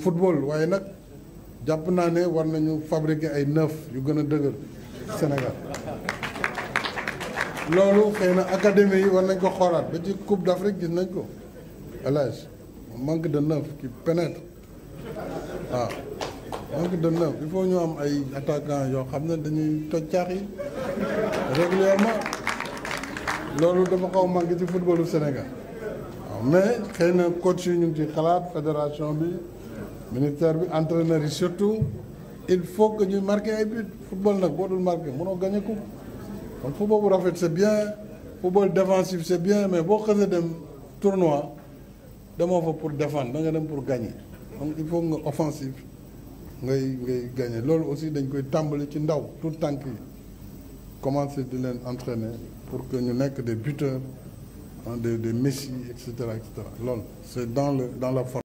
football waaye nag jàpp naa ne war nañu fabriquer ay neuf yu gën a dëgër Sénégal loolu xëy na académie yi war nañ ko xoolaat ba ci coupe d'Afrique gis nañ ko elage manque de neuf qui pénètre waaw manque de neuf il faut ñu am ay attaquant yoo xam na dañuy toj caax régulièrement loolu dafa xaw manqué ci footballu Sénégal waaw mais xëy na coach yi ñu ngi ci xalaat fédération bi militaire bi entraîneur yi surtout il faut que ñuy marqué ay but football nag boo dul marqué mënoo gagné ko kon football bu rafet c' bien football défensif c' est bien mais boo xasee dem tournoi demoo fa pour défendre da nga dem pour gagné donc il faut nga offensif ngay ngay gagné loolu aussi dañ koy tàmbali ci ndaw tout tànk yi commencé di leen entraîner pour que ñu nekk des buteurs des des Messi et cetera loolu c' est dans le dans la